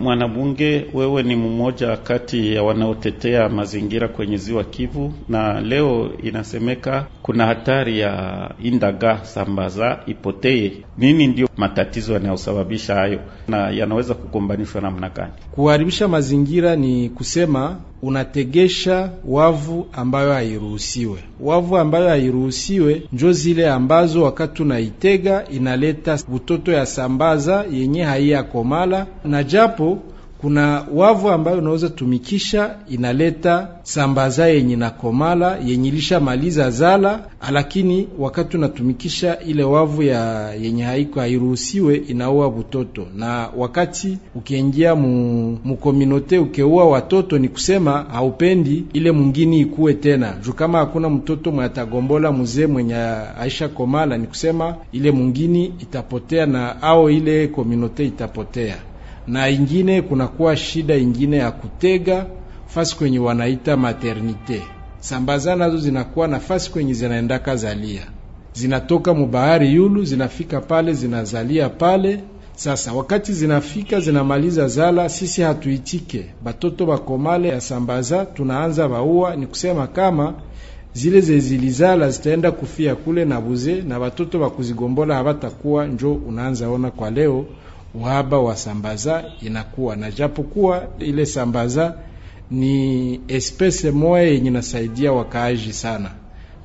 Mwanabunge, wewe ni mmoja kati ya wanaotetea mazingira kwenye ziwa Kivu, na leo inasemeka kuna hatari ya indaga sambaza ipotee. Nini ndio matatizo yanayosababisha hayo na yanaweza kukumbanishwa namna gani? Kuharibisha mazingira ni kusema unategesha wavu ambayo hairuhusiwe. Wavu ambayo hairuhusiwe njo zile ambazo wakati unaitega inaleta butoto ya sambaza yenye haiyakomala na japo kuna wavu ambayo unaweza tumikisha, inaleta sambaza yenye na komala yenye maliza zala, lakini wakati unatumikisha ile wavu ya yenye haiko hairuhusiwe, inaua butoto. Na wakati ukiingia mu mukominote ukeua watoto, ni kusema haupendi ile mwingine ikuwe tena juu, kama hakuna mtoto atagombola mzee mwenye aisha komala, ni kusema ile mwingine itapotea na ao ile kominote itapotea na ingine kunakuwa shida ingine ya kutega fasi kwenye wanaita maternite sambaza nazo zinakuwa na fasi kwenye zinaendaka zalia, zinatoka mubahari yulu zinafika pale zinazalia pale. Sasa wakati zinafika zinamaliza zala, sisi hatuitike batoto bakomale ya sambaza, tunaanza baua. Ni kusema kama zile zezilizala zitaenda kufia kule na buze na batoto bakuzigombola habatakuwa. Njo unaanza ona kwa leo uhaba wa sambaza inakuwa na, japokuwa ile sambaza ni espese moya yenye nasaidia wakaaji sana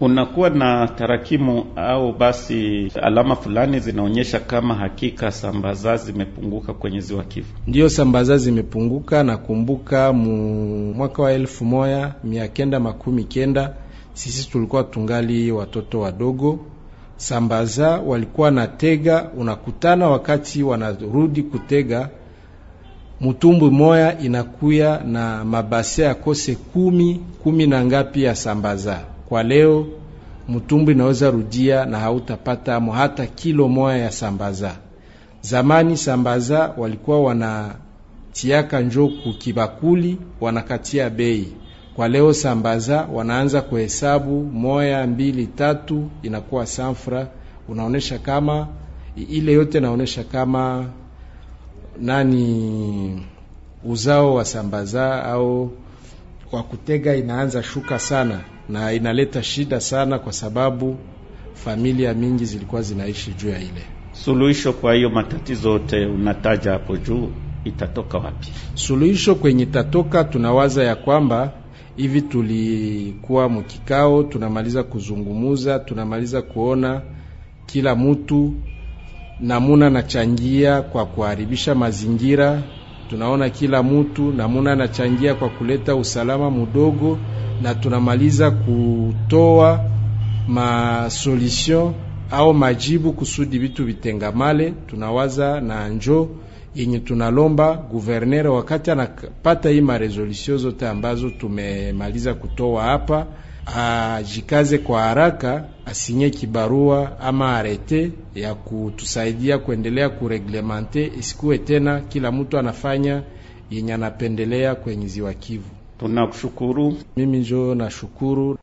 unakuwa na tarakimu au basi alama fulani zinaonyesha kama hakika sambaza zimepunguka kwenye ziwa Kivu. Ndiyo, sambaza zimepunguka. Nakumbuka mu mwaka wa elfu moja mia kenda makumi kenda sisi tulikuwa tungali watoto wadogo, sambaza walikuwa na tega, unakutana wakati wanarudi kutega mutumbwi moya inakuya na mabase ya kose kumi kumi na ngapi ya sambaza. Kwa leo mtumbwi inaweza rudia na hautapata amo hata kilo moya ya sambaza. Zamani sambaza walikuwa wanatiaka njo kukibakuli, wanakatia bei kwa leo sambaza wanaanza kuhesabu moya mbili tatu, inakuwa sanfra. Unaonesha kama ile yote naonesha kama nani uzao wa sambaza au kwa kutega inaanza shuka sana, na inaleta shida sana, kwa sababu familia mingi zilikuwa zinaishi juu ya ile suluhisho. Kwa hiyo matatizo yote unataja hapo juu itatoka wapi? Suluhisho kwenye itatoka, tunawaza ya kwamba hivi tulikuwa mkikao, tunamaliza kuzungumuza, tunamaliza kuona kila mtu namuna nachangia kwa kuharibisha mazingira, tunaona kila mtu namuna nachangia kwa kuleta usalama mudogo, na tunamaliza kutoa masolution au majibu kusudi vitu vitengamale, tunawaza na njoo yenye tunalomba guvernere wakati anapata hii maresolusio zote ambazo tumemaliza kutoa hapa, ajikaze kwa haraka, asinye kibarua ama arete ya kutusaidia kuendelea kureglemente, isikuwe tena kila mtu anafanya yenye anapendelea kwenye ziwa Kivu. Tunakushukuru. Mimi njo nashukuru.